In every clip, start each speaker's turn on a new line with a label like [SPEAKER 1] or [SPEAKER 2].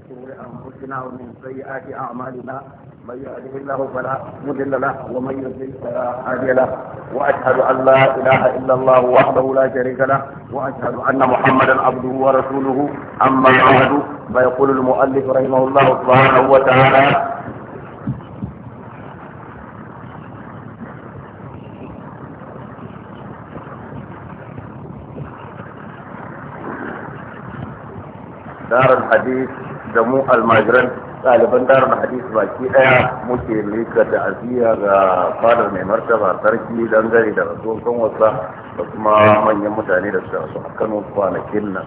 [SPEAKER 1] من شرور انفسنا ومن سيئات اعمالنا من يهده الله فلا مضل له ومن يضلل فلا هادي له واشهد ان لا اله الا الله وحده لا شريك له واشهد ان محمدا عبده ورسوله اما بعد فيقول المؤلف رحمه الله سبحانه وتعالى دار الحديث da mu almajiran ɗaliban darar hadis baki ɗaya muke lika da aziya ga fadar mai martaba sarki dangane da rasuwan wasa da kuma manyan mutane da suka a kano kwanakin nan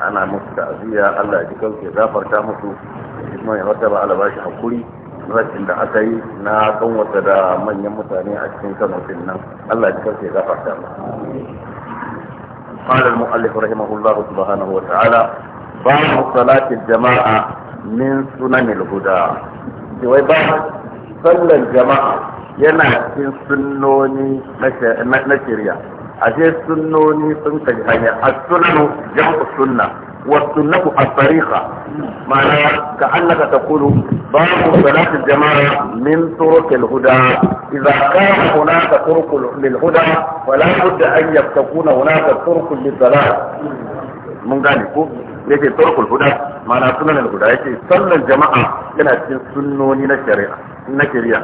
[SPEAKER 1] ana musu da aziya allah ji zafarta musu kuma mai martaba bashi hakuri rashin da aka yi na kanwata da manyan mutane a cikin kano nan allah ji kansu zafarta musu قال المؤلف رحمه الله سبحانه وتعالى إقام صلاة الجماعة من سنن الهدى wai ba sallan jama'a yana cikin sunnoni na shirya ashe sunnoni sun kai hanya as-sunnanu jam'u sunna wa sunnatu as-tariqa ma'ana ka annaka taqulu babu salati jama'a min turuq al-huda idza kana hunaka turuq lil-huda wa la budda an yakuna hunaka turuq lil-salat mun gane ko yake tarkul huda ma'ana sunan huda yake sallan jama'a yana cikin sunnoni na shari'a na shari'a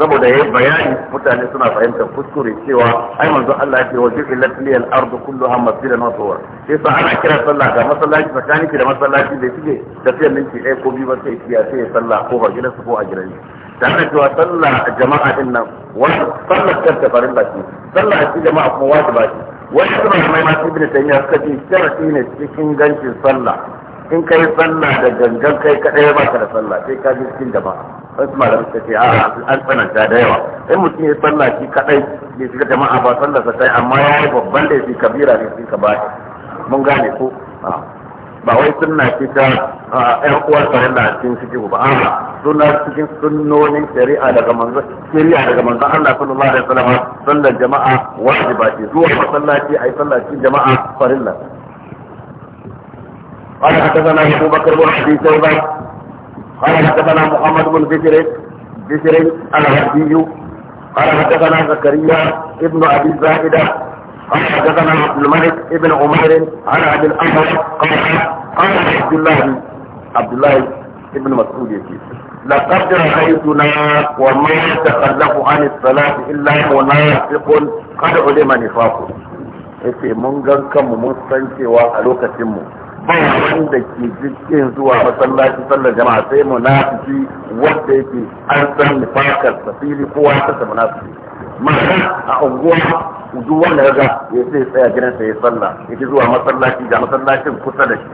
[SPEAKER 1] saboda yayin bayani mutane suna fahimtar kuskure cewa ai manzo Allah yake wajin illatil al ardu kulluha masjidan wa tawar sai sa ana kira sallah ga masallaci tsakanin ki da masallaci da kike da sai minti ɗaya ko biyu ba sai kiya sai sallah ko ba gidan su ko a gidan da ana cewa sallah jama'a din nan wannan sallah ta farin ba ce sallah ci jama'a kuma wajiba ce wani su mai masu ibn taymiya suka ce sharafi ne cikin gancin sallah in kai sallah da gangan kai kadai ba ka da sallah sai ka ji cikin jama'a wasu malamai suka ce a an tsananta da yawa in mutum ya sallah shi kadai bai shiga jama'a ba sallah sa kai amma ya yi babban laifi kabira ne sai ka ba mun gane ko ba wai sunna ce ta ƴan uwar da cikin suke ba an ba sunna cikin sunnonin shari'a daga manzo shari'a daga manzo Allah sallallahu alaihi wasallam sallar jama'a wajiba ce zuwa masallaci ai sallar cikin jama'a farilla قال حدثنا ابو بكر بن ابي شيبه قال حدثنا محمد بن بشر بشر الهدي قال حدثنا زكريا ابن ابي زائده قال حدثنا عبد الملك ابن عمير عن عبد الاحمر قال قال عبد الله عبد الله ابن مسعود يقول لقد رأيتنا وما يتخلف عن الصلاة إلا منافق قد علم نفاقه. يقول إيه، من كان كم مستنكي وألوك تمه. wanda ke jirgin zuwa masallaci sallar jama'a sai munafiki wanda yake an san nifakar safili kowa ta sa munafiki ma'ana a unguwa duk wanda ya ga ya sai tsaya gidansa ya sallah ya zuwa masallaci ga masallacin kusa da shi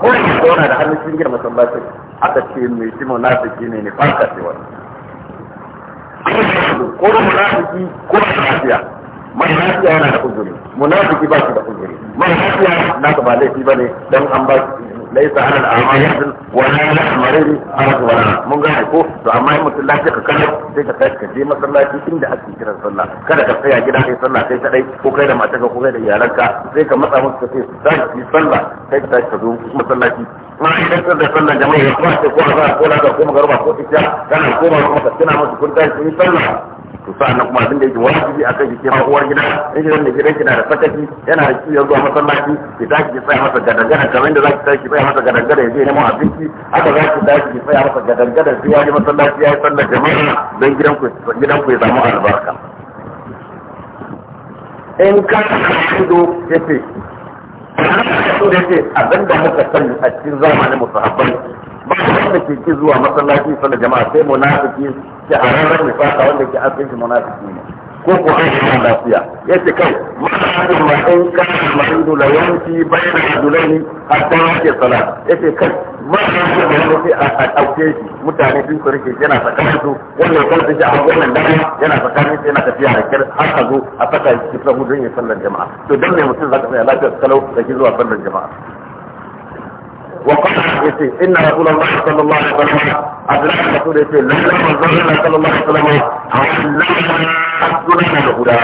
[SPEAKER 1] ko ya zauna da hannun cikin gidan masallacin aka ce mai shi munafiki ne nifakar ce wani ko munafiki ko lafiya mai lafiya yana da uzuri munafiki ba shi da uzuri mahaifiya lafiya na ba laifi ne dan an ba shi laisa ala al'amma yasin wa la ala mun gane ko to amma in mutum lafiya ka kana sai ka tashi ka je masallaci inda ake kiran sallah kada ka saya gida kai sallah kai kadai ko kai da matarka ko kai da iyalanka sai ka matsa musu ka ce tashi sallah kai ka tashi ka zo masallaci ma idan da sallah jama'a ya kwace ko azhar ko la ko magarba ko isha kana koma kuma ka tana musu kun to sa'an nan kuma abin da yake wajibi a kai ma uwar gida in gidan da gidan ki a da sakaci yana da kiyar zuwa masallaci ki tashi ki tsaya masa gadagada kamar yadda za ki tashi tsaya masa gadangada ya nemo abinci aka za ki dashi ki tsaya masa gadangada sai ya je masallaci ya yi sallar jama'a don gidan ku gidan ku ya samu albarka in ka kudo ya ce so da ce abin da muka sani a cikin zamanin mu sahabbai ba wanda ke ki zuwa masallaci sallar jama'a sai munafiki ke a ranar nifaka wanda ke asirin munafiki ne ko ko an yi lafiya ya ce kai ma'ana ma in ma ma'idu la yanki bayan adulaini hatta yake sala ya ce kai ma'ana da wani sai a a shi mutane sun su rike yana tsakanin su wannan kan shi a wannan dama yana tsakanin su yana tafiya a kyar har a zo a saka shi cikin mu ya sallar jama'a to dan ne mutum zaka tsaya lafiya kalau da ki zuwa sallar jama'a وقال يسي إن رسول الله صلى الله عليه وسلم أدرك الرسول يسي لما منظرنا صلى الله عليه وسلم علمنا أسلنا الهدى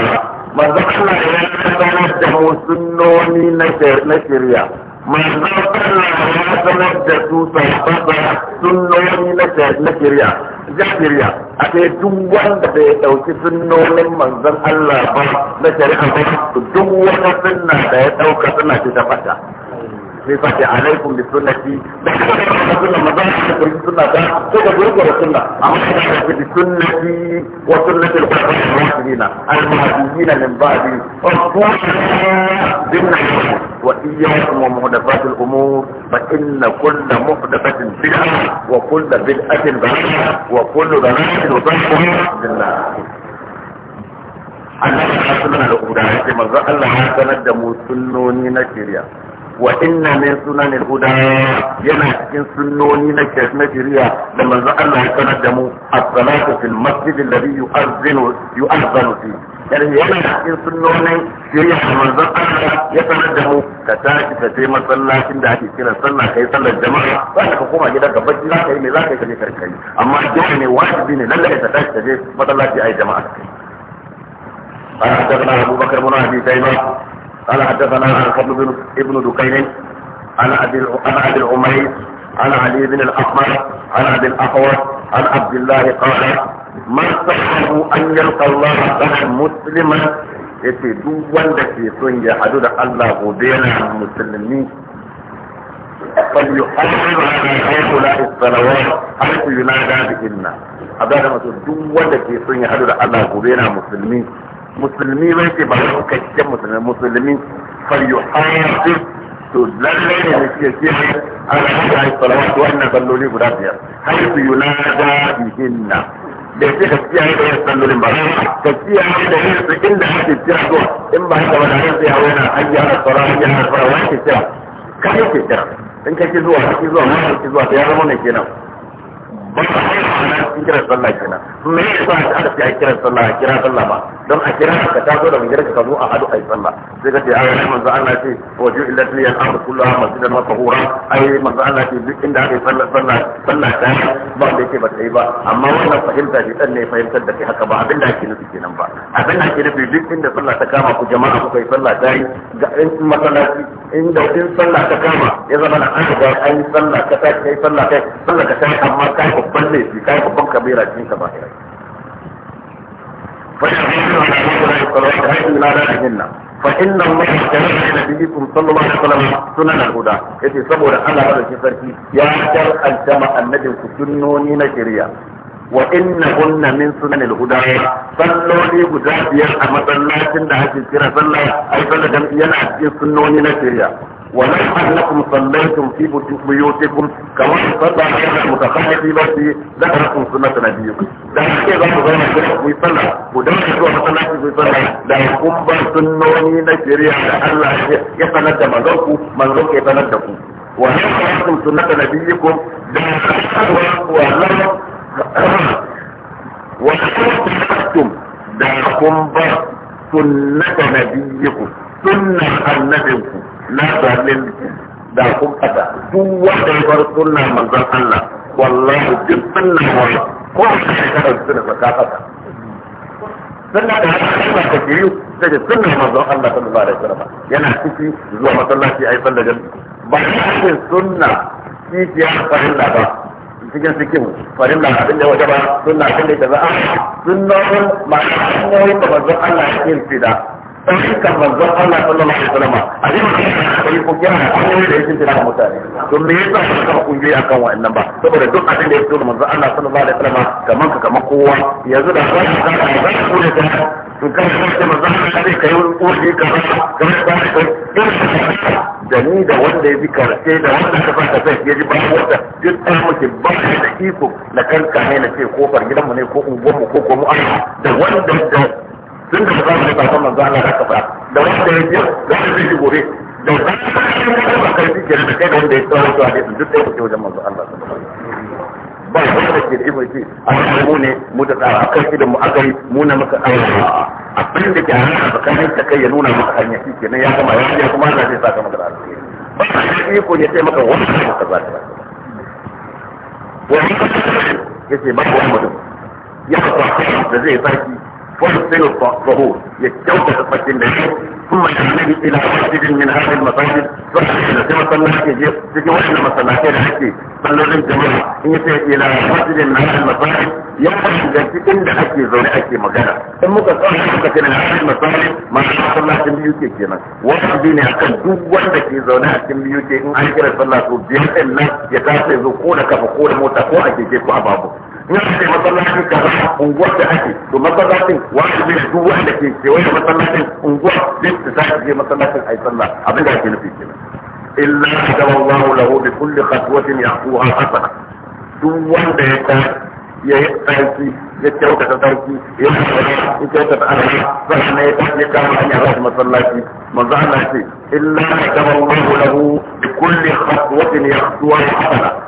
[SPEAKER 1] منظرنا إلى تنجم سنوني نشريا منظرنا إلى تنجم سنوني نشريا jahiliya a kai duk wanda bai dauki sunnonin manzon Allah ba na shari'a ba duk wata sunna da ya dauka suna ce ta fata نصيحتي عليكم بسنتي كل ما ضاعت السنة ده كده بيرجع السنة أمسك بسنتي وسنة الخلفاء الراشدين المهديين من بعدي ضمن وإياكم ومحدثات الأمور فإن كل محدثة بدعة وكل بدعة ضلالة وكل ضلالة وضلالة بالله Allah ya sanar da ku da haƙe maza Allah ya sanar da mu sunnoni na shirya. wa inna min sunan huda yana cikin sunnoni na na shari'a da manzo Allah ya sanar da mu as-salatu fil masjid alladhi yu'azzinu yu'azzanu fi yani yana cikin sunnonin shari'a da manzo Allah ya sanar da mu ka tashi ka je masallacin da ake kira sallah kai sallar jama'a ba ka koma gida ka bacci za ka yi me za ka yi ka je amma dole ne wajibi ne lalle ka tashi ka je masallaci ai jama'a قال حدثنا ابو بكر بن ابي شيبه قال حدثنا الفضل بن ابن دكين عن عبد العميس عن علي بن الاحمر عن عبد الاحوص عن عبد الله قال ما صحه ان يلقى الله بها مسلما يتي دو التي سن يحدد الله بين المسلمين فليحرم على هؤلاء الصلوات حيث ينادى بهن هذا ما دو التي سن يحدد الله بين المسلمين musulmi bai ce ba cikakken musulmi musulmi falyuhafir to lalle ne ne ke ce Allah ya yi salawatu wannan salloli guda biyar haitu yunada bihinna da ce ka kiyaye da yin sallolin ba ka kiyaye da yin su inda ake kira zuwa in ba haka ba da yin tsaye wani hanyar da tsara hanyar da tsara wani ke kira ka yi ke kira in ka ki zuwa ka ki zuwa ma ka zuwa ta ya zama ne kenan ba ta haifa na cikin kiran sallah kenan me ne yasa aka ce a kiran sallah a kira sallah ba don a kira ka ta zo da mun ka zo a hadu ai sallah sai ka ce a yana manzo Allah ce waju illati yan amru kulluha masjidan wa tahura ai manzo Allah ce duk inda aka yi sallah sallah sallah ta ba da yake ba ta ba amma wannan fahimta ne dan ne fahimtar da kai haka ba abinda ake nufi kenan ba abinda ake nufi duk inda sallah ta kama ku jama'a ku kai sallah ta yi ga in masallaci inda in sallah ta kama ya zama na an ga an sallah ka ta kai sallah kai sallah ka ta amma ka babban laifi kai babban kabira cikin ka bahira fa inna fa inna kana da nabiyyu sallallahu alaihi wasallam sunan al yace saboda Allah da shi sarki ya kar aljama annabi ku dunnoni na shari'a wa innahunna min sunan al-huda salloli guda biyar a matsalacin da ake kira ai yana cikin sunnoni na shari'a ولو انكم صليتم في بيوتكم كما صلى على المتخلف في ذكركم سنه نبيكم da ake za ku zauna da ku sallah ku da ku zuwa masallaci kuma sallah da kun ba sunnoni na shari'a da Allah ya sanar da manzon manzon ke sanar da ku wa hakakum sunnata nabiyikum da wa lam wa kuntum da kun ba sunnata nabiyikum sunnar annabinku na zaɓin da kun fada duk wanda ya bar sunna manzon Allah wallahi duk sunna ne ko a shekarar suna ba ka fada sunna da haka ba ka kiri sai da sunna manzon Allah sallallahu alaihi wasallam yana ciki zuwa masallaci ayi sallar jami'i ba ne sunna kiciya fahimta ba cikin cikin farin da abin da waje ba sunna abin da za a sunnonin masu hanyoyin da manzon Allah ya kirkida ɗaukar manzon Allah sallallahu alaihi wasallam a ji mutum yana kai ko yana hanyoyi da yake tana mutane to me yasa ba ka kungiyoyi akan wa'annan ba saboda duk abin da ya fito da manzon Allah sallallahu alaihi wasallam kaman ka kama kowa yanzu da za ka ga za ka kore ka to kan ka manzon Allah zai kai wani ka ba ka ba ka da ni da wanda ya bi karshe da wanda ka fara zai ya ji ba wanda duk ta muke ba da iko na kanka ne na ce kofar gidanmu ne ko unguwarmu ko kuma mu da wanda da tun ka ba mai manzo Allah ka fara da ya da gobe da ba kai kai da wanda ya tsara da duk da wajen manzo Allah ba da ke a mu ne mu da tsara da mu mu na maka abin da ke hana ta kai ya nuna maka hanya shi ya ya kuma Allah zai saka maka alheri ba shi iko ya maka ka ka wani ba mutum ya da zai tsaki ويحسن الظهور يتوت تفكين لهم ثم يعمل الى مسجد من هذه المساجد فحسن كما صلى كيجي تجي واحنا مسلاتين حكي صلوا للجماعة ان يسير الى مسجد من هذه المساجد يفهم جنسي ان حكي زوني حكي مجانا ان مكا صلى حكي من هذه المساجد ما شاء الله كم بيوتي كينا واحد ديني اكل دوان دكي زوني حكي بيوتي ان اكل صلى سوبيان ان يتاسي ذو قولك فقول موتا قوة كيجي فأبابو na ce masallacin kaza unguwar da ake to masallacin wajibi ne duk wanda ke kewaye masallacin unguwar duk da za je masallacin ai sallah abin da ake nufi kenan illa kadama Allahu lahu bi kulli khatwatin yaquha hasana duk wanda ya ta ya yi tsarki ya kyautata tsarki ya yi kyautata arha sannan ya tafi ya kama hanya za su masallaci manzo Allah ce illa kadama Allahu lahu bi kulli khatwatin yaquha hasana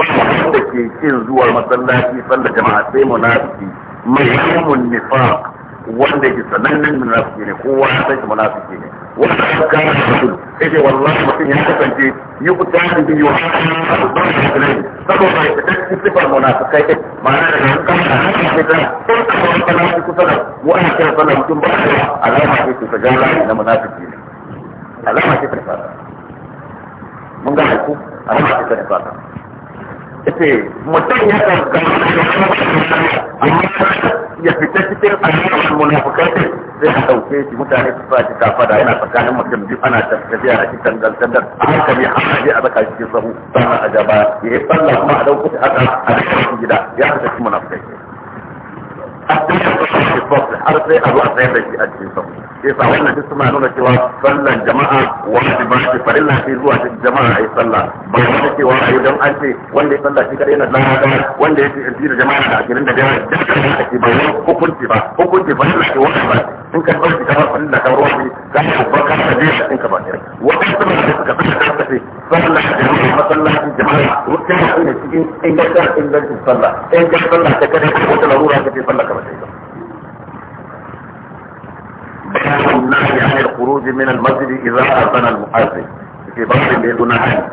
[SPEAKER 1] ba da ke kin zuwa masallaci sallar jama'a sai munafiki mayyamun nifaq wanda ke sanannen munafiki ne kowa ya san munafiki ne wanda mutum sai wallahi mutum ya kasance yi bi a ba da saboda ta sifar munafikai ne ma'ana da da da sun kana su kusa da mu mutum ba da alama ce ta gaba na munafiki ne alama ce ta mun ga alama ce ta ce mutum ya kankana da amma ya fita cikin ayyukan munafukai zai a ɗauke shi mutane su fashi shi kafada yana tsakanin mutum biyu ana tafiya a cikin dantandan a haka ne a hankali a zaka cikin sahu sannan a jaba ya yi tsalla kuma a ɗauke shi haka a cikin gida ya fita cikin munafukai sai a zo a da shi a cikin sau sai sa wannan suna nuna cewa sallan jama'a wani ba shi farilla sai zuwa cikin jama'a a sallah ba wani cewa a yi don an ce wanda ya sallah shi kadai na da wanda ya ce in da jama'a da ashirin da jama'a da da ake ba hukunci ba hukunci wani ba in ka kamar farilla ka ruwa shi ka da ba da suka fi da da jama'a jama'a cikin ingantar sallah in ka sallah ta larura ka ce sallah ta yi بيان النهي عن الخروج من المسجد اذا اذن المؤذن في بعض بدون نهي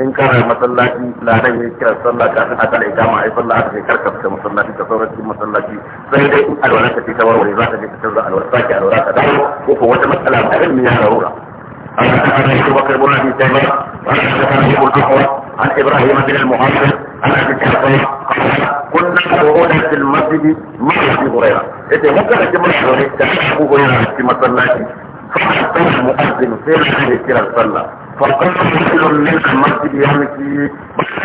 [SPEAKER 1] ان كان المصلاتي لا نهي كلا صلى كاسن اتى الاقامه اي صلى اتى كركب كمصلاتي كصورتي مصلاتي فهي دي الوراثه في كور ورزاقه في كور الوراثه الوراثه دعوه وفي وجه مساله علم يا ضروره أنا أنا أبو في بن أبي سلمة أنا أبو عن إبراهيم بن المعاصر أنا أبي كحول قلنا في المسجد مع أبي هريرة yace mun kana ji muna zaune da Abu Hurairah cikin masallaci فأعطاه المؤذن في الحديث إلى الصلاة فقال رجل من المسجد يمشي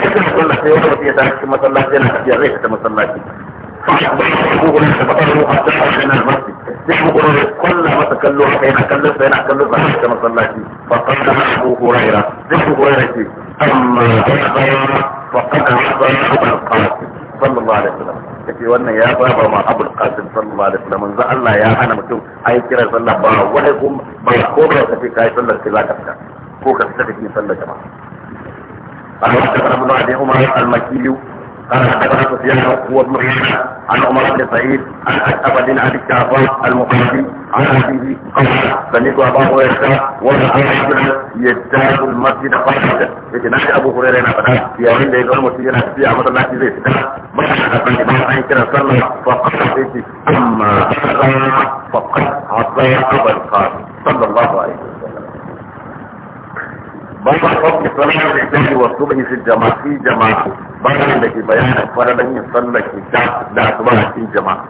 [SPEAKER 1] فكيف صلى في وقت يترك مسلاتي أنا في ريحة مسلاتي فأخبره أبو هريرة فقال له قد دخل من المسجد يحب هريرة كل ما تكلم حين كلف فإن أكلف ريحة مسلاتي فقال أبو هريرة ذكر هريرة أما أخبر فقد أخبر أبو القاسم sallallahu alaihi wasallam kace wannan ya saba ma abul qasim sallallahu alaihi wasallam manzo Allah ya hana mutum ayi kira sallah ba wai kuma ba ko ba kace kai sallar ki zaka fita ko ka fita kake sallar jama'a Allah ta fara da Umar al-Makili قال حدثنا سفيان هو ابن عيسى عن عمر بن سعيد عن ابا بن عبد الشعفاء المقربي عن ابيه قال سمعت ابا هريره ورأى رجلا يجتاز المسجد قصدا يتنادى ابو هريره انا فقال يا من لا يزال مسجدنا في عمر الله في زيت ما حدث عن ابا عن كذا صلى فقد اما فقد عطيت ابا القاسم صلى الله عليه وسلم بل فضل صلاة الفجر والصبح في الجماعة في جماعة بل لك بيان فرد يصلى الشتاء لا صبح في جماعة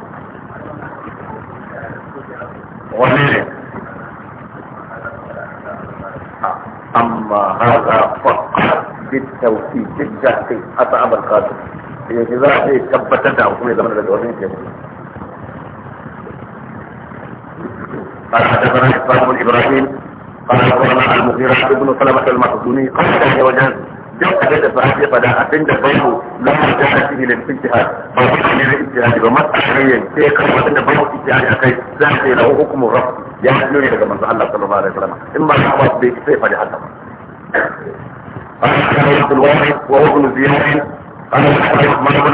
[SPEAKER 1] وليه أما هذا فقط بالتوفيق الجهدي أصعب القادم إذا هي كبتتها وكل زمن الدورين كيف قال حدثنا إسلام إبراهيم قال أخبرنا المغيرة ابن سلمة المخزوني قال عز وجل جاءت هذا فهذه فلا أتند بيه لا جاء به للانتهاء فهذا من الانتهاء بمسألة هي كلمة أن بيه انتهاء أكيد ذات له حكم الرب يا يحملني لك من الله صلى الله عليه وسلم إما يحفظ بيك سيفا لحسن قال عبد الواحد وهو ابن زياد قال عبد الرحمن بن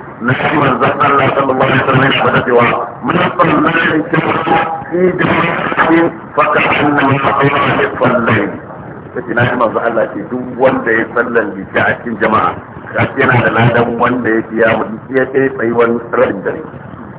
[SPEAKER 1] نعم الزكاة الله صلى الله عليه وسلم حدثوا من أصل ما يتوقع في جمعه فكأنما أطلع نصف الليل kace na manzo Allah ce duk wanda ya sallan lisha a cikin jama'a kace yana da ladan wanda ya fiya mu ya kai tsayi wani rabin dare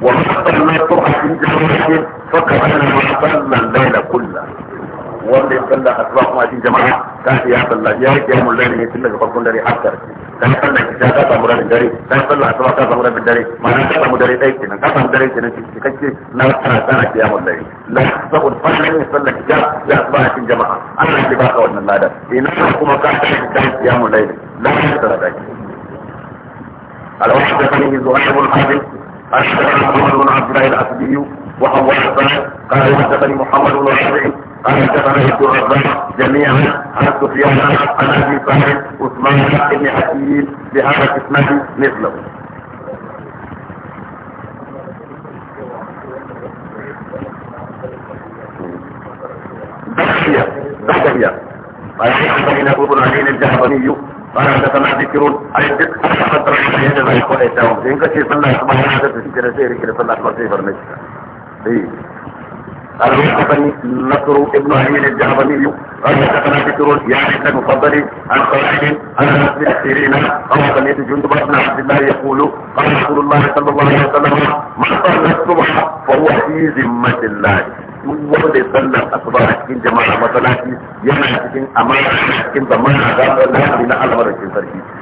[SPEAKER 1] wa ma sallan tu'a cikin jama'a fa kana ma sallan laila kullahu wanda ya sallah asuba kuma cikin jama'a ta ya sallah ya yi mun lani ne tun daga farkon dare har karshe ta yi sallah ki ta samu rabin dare ta yi sallah asuba ta samu rabin dare ma'ana ta samu dare ɗaya kenan ka samu dare kenan shi kake na tsara tsara ki ya mun lani la saboda farkon ne sallah ki ya a cikin jama'a Allah ya baka wannan lada ina kuma ka ta ki ya mun lani la ta da ki الواحد فيه زهير بن حازم الشيخ محمد بن عبد الله الاسدي وهو حسن قال حدثني محمد بن رافع قال حدثنا عبد الرزاق جميعا عن سفيان عن ابي سعيد عثمان بن حكيم بهذا الاسناد مثله بحية بحية قال حدثنا ابو بن علي الجهضمي قال حدثنا ذكر عن الذكر حتى ترى الحديث عن الخليفه وان كنت صلى الله عليه وسلم حدث في كرسيري كرسيري صلى الله عليه وسلم ايه قال حدثني نصر ابن امين الجهضمي قال حدثنا بكر يعني ابن المفضل عن خالد عن انس بن سيرين قال سمعت جندب بن عبد الله يقول قال رسول الله صلى الله عليه وسلم من صلى الصبح فهو في ذمه الله duk wanda ya sallar جماعه a cikin jama'a masallaci yana cikin amana cikin zamana da na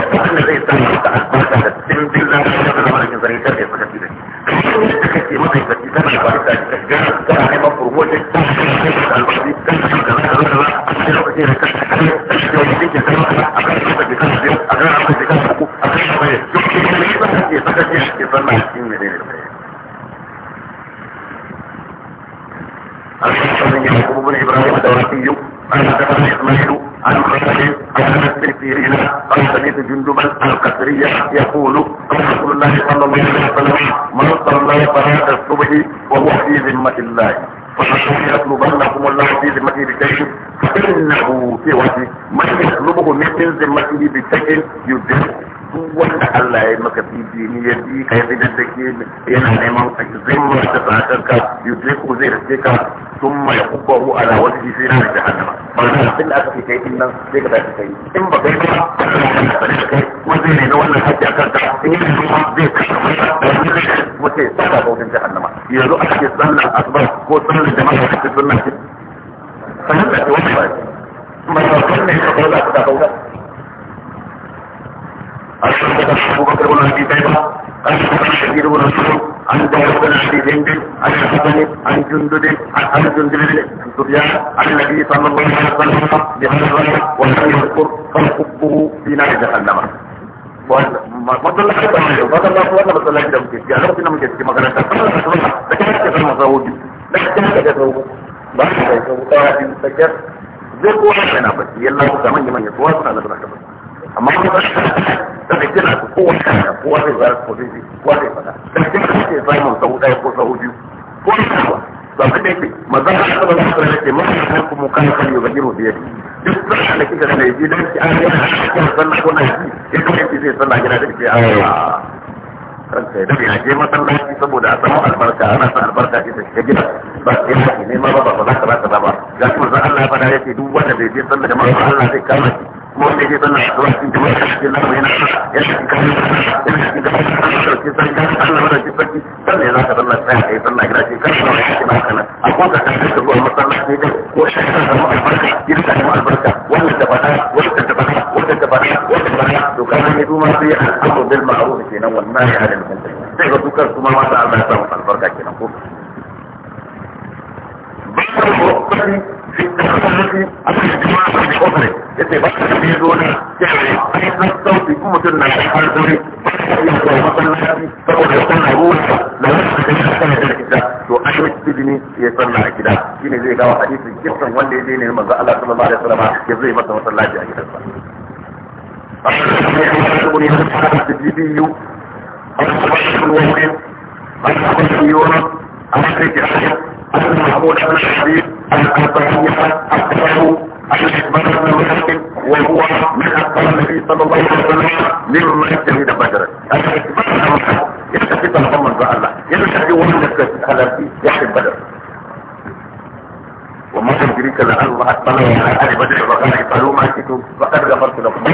[SPEAKER 1] wanda da cikin jin zan da zama cikin zai tarbe maka cikin ka a cikin lokacin da kake kare
[SPEAKER 2] a cikin a a a عن خالد عن مسلم سيرنا قال سمعت جندبا القسرية يقول قال رسول الله صلى الله عليه وسلم من صلى صلاة الصبح وهو
[SPEAKER 1] في ذمة الله فحسن يطلبنكم الله في ذمته بشيء فإنه في وجه من يطلبه من ذمته بشيء يدركه wanda Allah ya maka bibi ni ya bi ka yabi da ke yana neman ka zai mu ta fatan ka yuzai ko zai rike ka thumma yaqubahu ala wajhi fi nar jahannam ba da abin da aka kai din nan sai ka tafi kai in ba kai ba wanda ne na wannan haƙƙi akan ka in yi kuma zai kashe wace saka ga wajen jahannama yanzu ake sallar asbar ko sallar jama'a ta sunna ce sallar da wani ba ba ba ne ka kaula ka kaula قال حدثنا ابو بكر بن ابي بيبه قال حدثنا شهير بن مسعود عن داوود بن ابي هند عن الحسن عن جندب عن جندب بن سفيان عن النبي صلى الله عليه وسلم بهذا الرجل ولم يذكر فحبه في نار جهنم matsalar da mai yau matsalar da wannan matsalar da muke ciki a lokacin da muke ciki makaranta kuma da kuma da kuma da kuma da wuce da kuma da kuma ba da kuma da kuma da kuma da kuma da kuma da kuma da kuma da kuma da kuma da kuma da kuma da kuma da kuma da kuma amma kuma da kira ku kowa kana kowa zai zara ko zai kowa zai fada da kira sau ɗaya ko sau biyu ko da yake da aka bada kira yake mafi kan kuma kan kan yau duk da kika ki an yi kan ko na ya kuma zai da ke a ranka ya dabe je masallaci saboda a samu albarka ana sa albarka ce shiga gida ba sai ma ne ma ba ba za ka ba ga kuma Allah ya fada yake duk wanda bai je jama'a Allah zai kama shi wanda ke zana a zuwa cikin yana yana a ko ka kan da ruwa masallaci ne ko shi kan da albarka albarka ma da Allah albarka kenan wanda ya daina manzo Allah sallallahu alaihi wasallam ya zai masa masallaci a gidansa عن ابي يونس عن ابي جعفر عن محمود بن الحبيب القطعية أكثره أن أكبر بن مالك وهو من أكبر النبي صلى الله عليه وسلم ممن شهد بدرا الأكبر أمحد يستفيد الأمر بأ الله يشهد وحدك الأمر يحب بدر وما يدريك لأن الله أطلع على أهل بدر وقال قالوا ما شئتم فقد غفرت لكم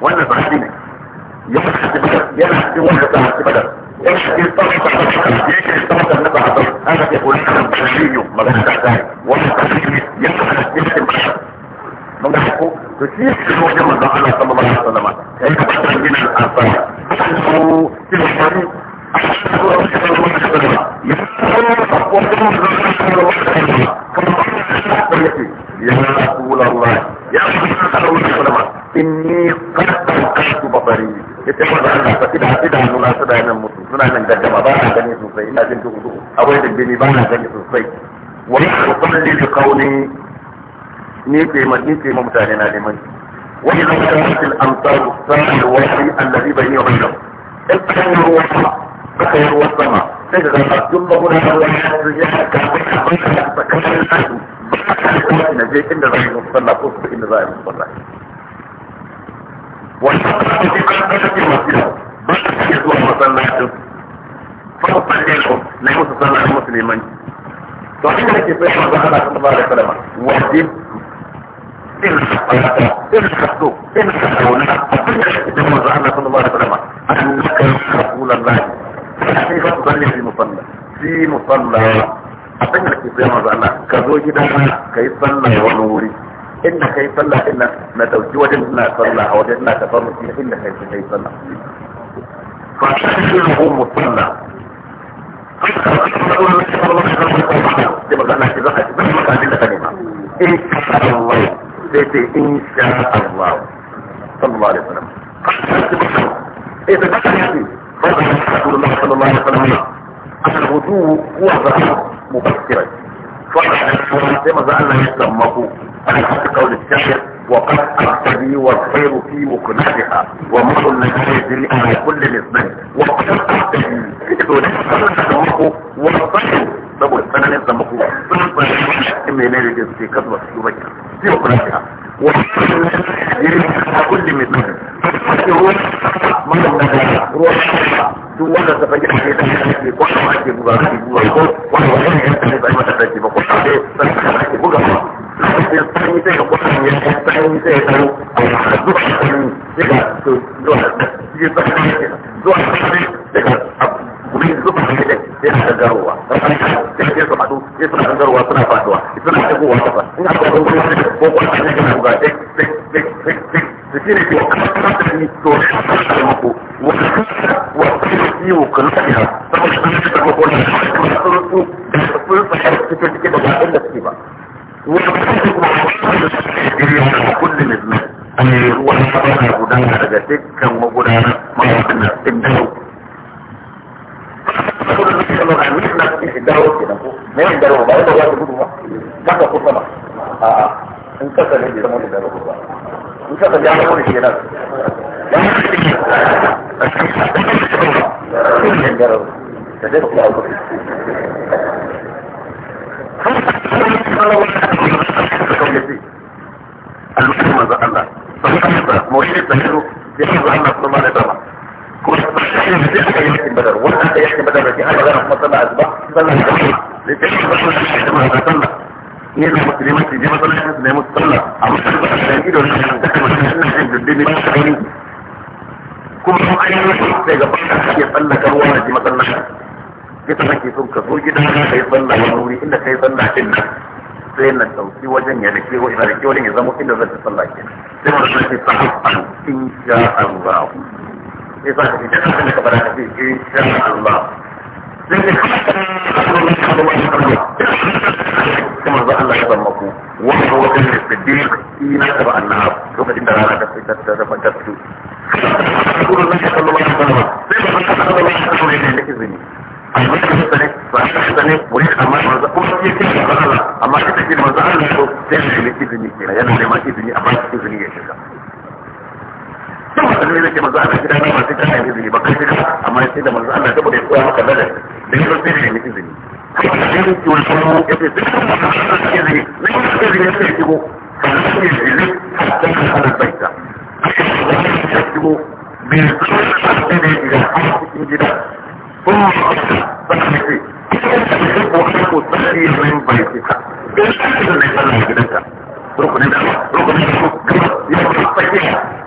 [SPEAKER 1] وأنا بعدين يوم حد بدر يلحق وحدك حد بدر ايه الطريقة ايه الطريقة اللي بعضها انا يقول انا بشريه ما بشتغل ولا بشريه يمكن يمكن بشر نضحكوا كثير في الوجه من الله صلى الله عليه وسلم ايه بشرين الانصار بشروا في الحريق يقول الله صلى الله عليه وسلم ya rasul Allah ya rasul Allah sallama inni qad taqatu babari yace ba da Allah fa ida ida nuna su da nan mutu suna nan gaddama ba na gani sosai ina jin duhu duhu akwai da gani ba na sosai wa uqalli bi qawli ni ke ma ni ke ma mutane na neman
[SPEAKER 2] wani da wani amsal
[SPEAKER 1] sa'il wahyi alladhi bayni wa bainahu in kan ruwa yi sama sai ka zama duk na je inda za a yi musalla ko su inda za a yi musalla wannan kuma ne an kasance masu yau ba ta ke zuwa masallacin farkon ne ko na yi musu sallah na musulmanci to an yi nake sai maza ana kan ba da kalama wajib in ka fara in ka so in ka kauna abin da ke da maza ana kan ba da kalama annaka rasulullahi sai ka tsaya fi musalla fi musalla abin da ke sai manzo Allah ka zo gidan ka yi sallah wani wuri inda kai sallah din na dauki wajen ina sallah a wajen ina tafarruci inda kai shi kai sallah fa shahidu musalla da magana ki zaka ki zama ka dinda kane ma in sha Allah sai sai in sha Allah sallallahu alaihi wasallam إذا ذكر هذه فضل رسول الله صلى الله عليه وسلم أن الوضوء هو الظهر مبكرا فقد ما زال يسمه الحق قول الشاعر وقد أقتدي والخير في مقنعها ومر النجاة على كل نسبة وقد أقتدي والخير saboda tsananin zamako sun tsari cikin mai nari da suke kasuwa su yi bakin su yi kula da wani yiri a kulle mai tsari su ruwan malam na ruwan duk wanda ta fage ake ta ke ko ta ake buga ake buga ko wanda wanda ne ta ba mata ta ke ba ko ta ne ta ke buga ba sai san yi sai ko ta ne ta yi sai ta a duk sai ka to do ta ji ta ne do ta ne sai ka gurin zuba ne sai ka garuwa sai ka so hadu sai ka garuwa suna faduwa suna tagowa ta fa in ka ko ko ko ne ka buga sai sai sai بسيرة وقلقنا من توحيد المقو والخسرة والطيرة دي وقلقها طبعا انا كده بقول لك الطرق الطرق حركة كده كده بقول لك كده وبتحكم على الشرطة كل مزمار أن هو الحضارة غدانا رجاتك كان وغدانا مراتنا الدولة أقول لك أنه عميزنا في الدولة كده ما يدروا بقول لك واحد بدو وقت ده كده in kasa ne bai zama da gano ba in kasa ya zama da kenan ya zama da kenan a cikin sa da kasa da kenan da gano da zai kuma abu المسلم من الله فهذا موجود بشره يحفظ الله كل ما نتبع كل ما يحكي بدر ولا يحكي بدر في هذا غير ما طلع أسباب ظل يحكي لتحكي بشره يحكي ما طلع ne da mutu ne mutu ne matsalolin su ne mutu sallah a mutu da shi ido na kan kasa mutu na kan dubbe ne ba shi kuma an ayi mutu sai ga baka ke tsallaka ruwa na ji matsalolin ya ta nake son ka zo gidan ka kai sallah wani wuri inda kai sallah din nan sai na dauki wajen ya dake wa ina dake wajen ya zama inda zai sallah ke sai mun sai ta hafa in sha Allah sai ka ce da kan ka bara ka ce in sha Allah Allah ya ba maku wani da rana da ta ta ta ta ta ta ta ta sai wata ne zai manzo Allah gida na ba kana izini ba kai gida amma sai da manzo Allah saboda ya koya maka ladabi da ya sai da ya izini kuma da ya ce wani kuma ya ce ne. da manzo Allah ya izini ne kuma ya izini ya sai shigo ne ya izini hatta ka hana baita ya shigo bin sunan da ya gida a cikin gida kuma ba ka ce rukunin da rukunin da ya fi fahimta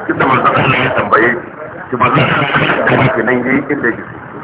[SPEAKER 1] Kita mazal Allah ya tambaye, ki mazal Allah ya tambaye ki nan yi inda ya ke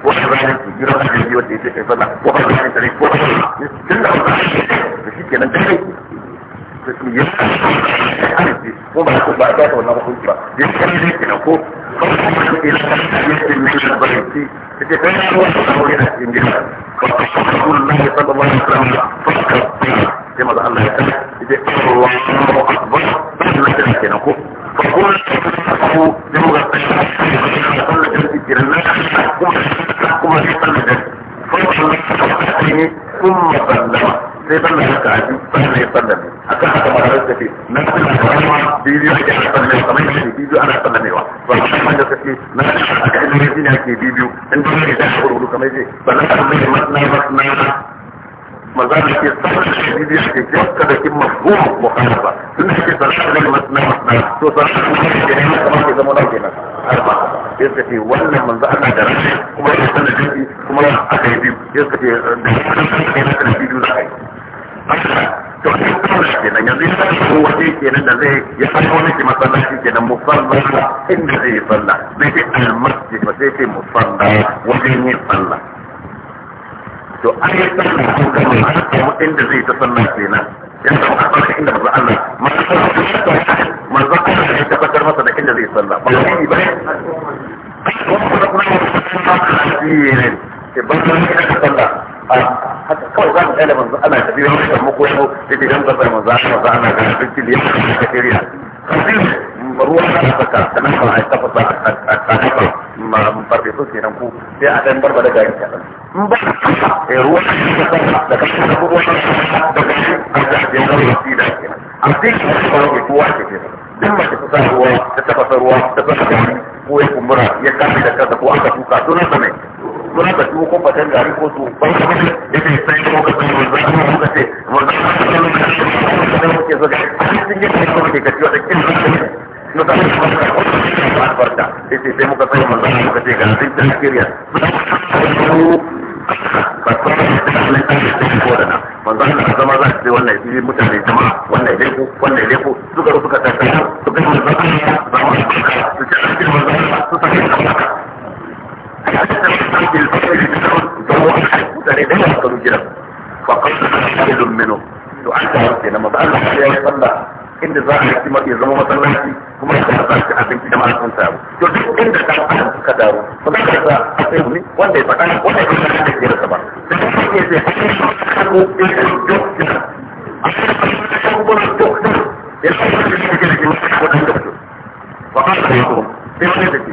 [SPEAKER 1] ko ranar su jira da jirgi wanda ya ce a fada ko ba ranar tare ko ba shi tun da wani ranar da shi وما يكون بعدها ولا بقول بقى دي كلمه كده كو فاهم الى تحديد المشهد البيتي بتتكلم هو هنا انجلها رسول الله صلى الله عليه وسلم فكر كما قال الله تعالى اذا الله اكبر فلا تنكن كو فقول تفكروا لغه التشهد كل الذكر الله تقول تقول ثم سلم sai ban da haka aji ban ne sallame haka haka maganar ta ce na kuma karama bidiyo ake ana sallame kamar yadda ke bidiyo ana sallamewa to a kan da kake na a ga inda ne ne ake bidiyo in dole ne za a rubutu kamar yadda sannan a mai masna masna maza da ke sallamewa bidiyo ake kyauta da kin mafhum mukhalafa tun da ke sallamewa masna masna to sallamewa ne ne kamar ke zama na kenan arba'a ya ce wannan manzo ana da rashi kuma ya sanar da shi kuma aka yi biyu ya ce da kuma aka yi biyu za a yi to ne kawai kenan yanzu ya tashi ko waje kenan da zai ya san wani ke masallaci kenan musalla inda zai yi sallah zai ce almasjid ba sai ce musalla wajen yin sallah to an yi sallah ko kawai an samu inda zai ta sallah kenan ya samu a sallah inda maza Allah maza Allah ya tabbatar masa da inda zai sallah ba ne ba ko kuma kuma ya sallah ba ne ba ne aka sallah haka kawai za mu kai da manzo ana tafi wani kan muku yau da gidan gabar manzo ana za ana ga duk da yake da ruwa na saka sanan kan ai tafasa a tsakan ma barbe so kenan ku sai a dan barba da gari kadan in ba
[SPEAKER 2] eh ruwa na saka da kashin da ruwa na
[SPEAKER 1] saka da kashin da ya zama da kenan a cikin ruwa kuwa ke kenan
[SPEAKER 2] duk mace ta sa ruwa
[SPEAKER 1] ta tafasa ruwa ta saka ko ya ya kafi da kasa ko aka tuka sunan sa suna ka tuwo ko fatan gari ko su bai ka mutu yake sai ko ka tuwo zai ko ka ce wanda ka ce mun ka ce mun ka ce so ga sun yi kai ko ka ce wanda kin mun ka ce no ka ce mun ka ce ba barka yake sai muka sai mun ka ce ga sai ta kiriya ba ko da Allah ta ce ko da na manzo Allah ka zama za ka ce wannan shi mutane jama'a wannan dai ku wannan dai ku suka rufuka ta ta suka rufuka ta ta su ta ce manzo Allah su ta ce فقد خير منه to an ta ke nan ba Allah ya yi sallah inda za a yi kima ya zama masallaci kuma ya zama shi abinci da masu sun samu to duk inda ta fara suka daru ba za ka sa a sai mu wanda ya faɗa wanda ya faɗa da ke rasa ba da kuma ke sai a cikin kanu ɗin dokta a cikin kanu ɗin dokta ya zama da shi ke da ke wasu waɗanda su ba ka sa ya kuma sai wani da ke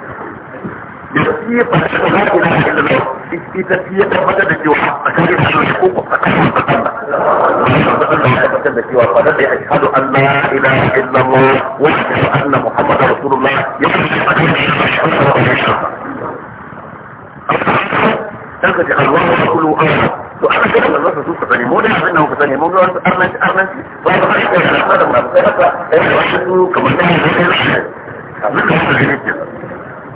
[SPEAKER 1] يسير فالشغلات ولا حاجة الله إذا في تبدا الجوع فكان يحصل حقوق التقوى تقلى تبدا الجوع فبدا يشهد أن لا إله إلا الله ويشهد أن محمد رسول الله يشهد أن لا إله إلا الله الله رسوله أمر وأنا كده الله رسول فتنمون أنه فتنمون أرمنت أرمنت وأنا غير أن هذا من أبو سيرة كما أنه لا يحصل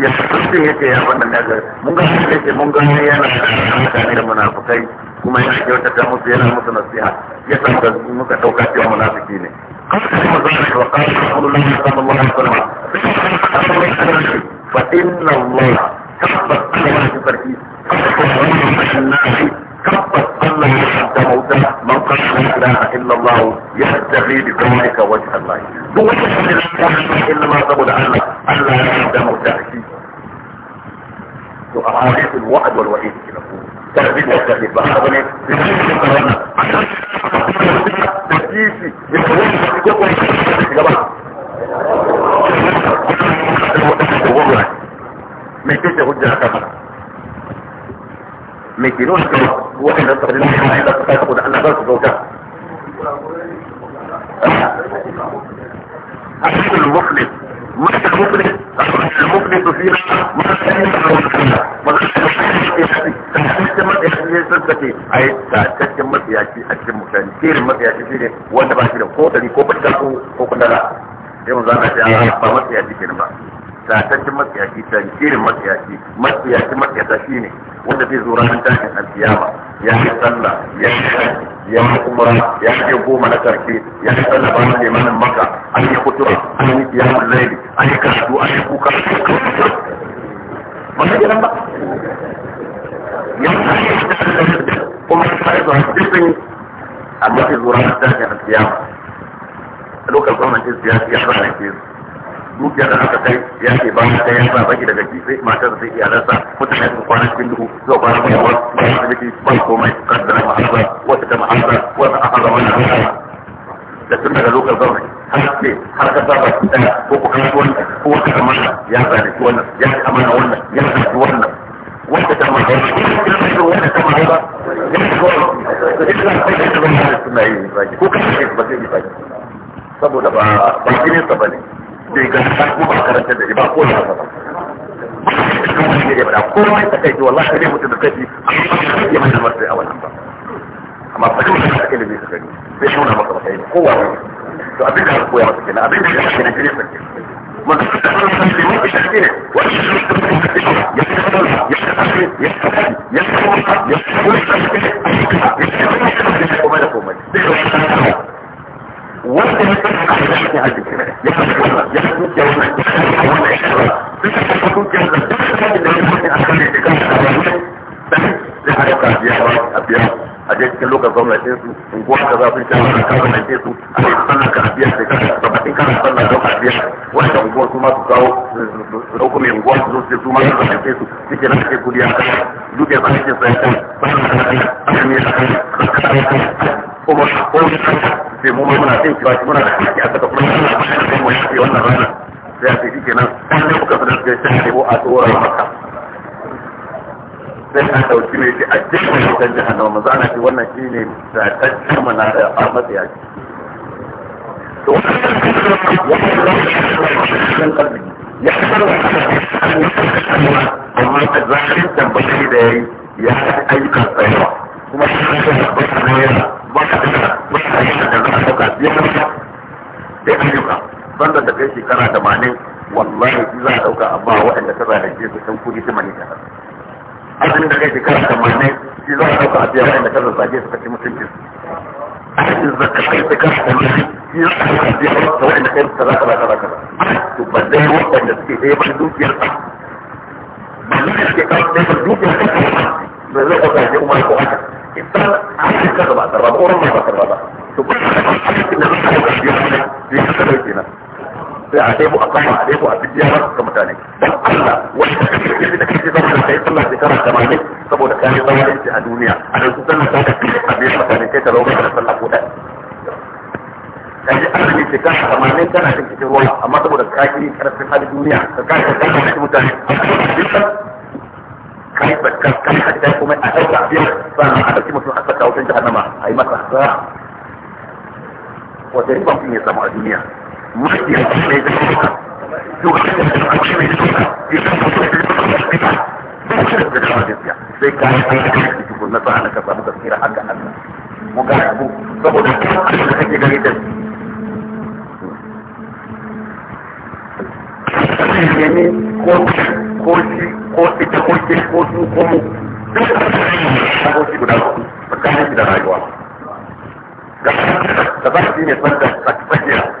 [SPEAKER 1] ya fasirce ya ce ya wannan nazar mun ga shi ce mun ga yana mutane da munafukai kuma yana kyautata musu yana musu nasiha ya san da muka dauka cewa munafiki ne فإن الله تبت الله تبركي تبت الله الناس تبت الله حتى الا الله يستغي بكونك وجه الله هو يشهد لا اله الا ما قبل الا الا يعدم تاكيد واحاديث الوعد والوعيد تهديد وتهديد بحضني تهديدي يقول كفر ميتين يهج على كفر ميتين هو انت تقول انا بس بوجه الحديث المفلس مات المفلس المفلس فيها ما تنمى المفلس matsakaicin matsayaci ya sassafe a yi tataccen matsayaci a cikin mutane shirin matsayaci shi ne wanda ba shi da ko dari ko fata ko ko kudara yau za a ce ba matsayaci kenan ba tataccen matsiyaci tankirin matsiyaci matsiyaci matsiyata shi ne wanda zai zo ranar tashin alkiyama ya yi sallah ya yi ya yi umra ya yi goma na karshe ya yi sallah ba na limanin maka an yi kutura an yi kiyamun laili an yi karatu an yi kuka ba gidan ba ya yi kuma ta yi zuwa cikin amma zai zo ranar tashin alkiyama lokacin gwamnatin siyasi ya fara ke su dukiyar da aka kai ya ke ba ta ya ba baki daga kife matar sai iyalansa mutane su kwana cikin duhu zuwa kwana mai yawa ba su da kifi ba komai kaddara ma'aza wata ta ma'aza wata a haza wani haza da tun daga lokacin gwamnati har ce har ka saba ki ɗaya ko ku kai wannan ko wata amana ya zane ki wannan ya amana wannan ya zane ki wannan wata ta ma'aza wata ta ma'aza ya ta gwamnati da duk da kai da gwamnati suna yi ko kai da ba zai yi ba saboda ba ba ne sa bane bai ga ba ko ba karanta da ba ko da ba ko mai ta kai wallahi ne mutum da kai amma ya mai da wasu a wannan ba amma ba dole ka kai ne kai sai shi wannan maka kai ko wa to abin da koya maka kenan abin da ya shi ne ne sai ما تستطيع أن تسلمون بشكله وتسلمون بشكله يستطيع يستطيع يستطيع يستطيع يستطيع يستطيع يستطيع unguwa ka za sun kama ka zama ce su a yi sallar ka biya sai ka tabbatin kana sallar da ka biya wanda unguwar su ma kawo su mai unguwa su zo su su ma su su suke nan ce kudi kan duke ba ce sai kan sallar da kan azumi a kan kuma ko sai mu ma muna cin kibaci muna da kaki a saka kuma muna da kaki wannan rana sai a ce shi kenan kan ne kuka sanar da shi a tsora maka sai an dauki ne shi a cikin wutan jahannama manzo ana a matsaya to a da yayi ya ayyukan kuma shi ne da ba ta ne ba ta da ba ta da da za ka da kai shekara 80 wallahi za a dauka amma waɗanda ka zalunce su sun kudi 80 abin da kai shekara tamanin shi za a ɗauka a biya wa'anda kan zazzage su kaci kai shi za a ɗauka a biya kai to ba zai suke ba dukiyar ba zai suke ba dukiyar ba zai ɗauka a biya ko haka idan an yi kaza ba a tarba ba ko ba a tarba ba to ba a ba a biya ya kasa sai a dai a kama a dai a bibiya ba ga mutane dan Allah wani da kake da kake zama da kai sallah shekara 80 saboda kai zama da a duniya a da kusan da kake a bai mutane kai tarawo da sallah ko da kaji arziki shekara 80 kana cikin ruwa amma saboda kai kaki karfin halin duniya ka kai ka kai mutane kai ba ka kai hadda kuma a dauka abin sannan a dauki mutum a saka wutan jahannama a yi masa hasara wata riban kun ya samu a duniya sai ka yi aiki tukun na sa'ana ka samu tafsira haka Allah mu ga abu saboda kan da kake gani da ne ko ko shi ko ita ko ke ko su ko mu duk da ta ko shi guda tsakanin shi da rayuwa da ba shi ne fanta tsakiya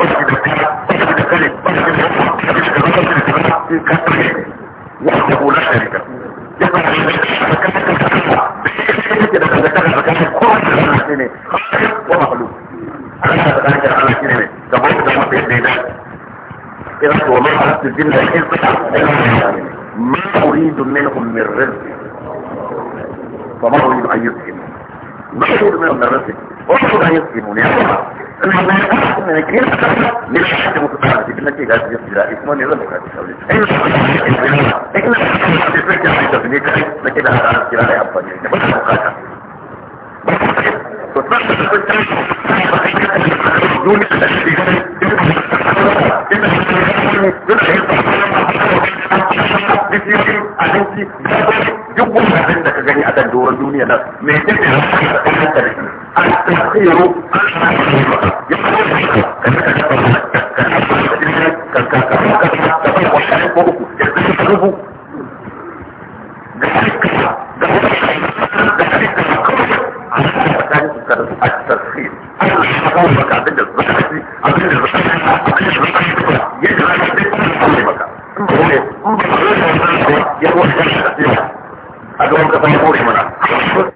[SPEAKER 1] وحده لا ما أريد منهم من رزق فما أريد أن يسكنوا ما أريد منهم من رزق أريد أن يسكنون يا ثم يقص من الجيل للحد متقاعد بالتي لا تجد لا اسمه نظام الحديث إلا إلا بسمك الحديث من يتعيد لكن هذا عرض كلا لا يبطل يعني بس مقاعد وتبقى تقول تعيش دون التشديد دون التشديد da dabbobi duk gurbin da ka gani a kan doron duniya nan me yake da rafi da kan da shi an tsiro an tsiro ya fara da shi kan da ka ka ka ka ka ka التسخير أنا أقول لك عبد الزكاة عبد الزكاة عبد الزكاة يجب أن تكون مكة ya ruwa a gaban kasan ya kore mana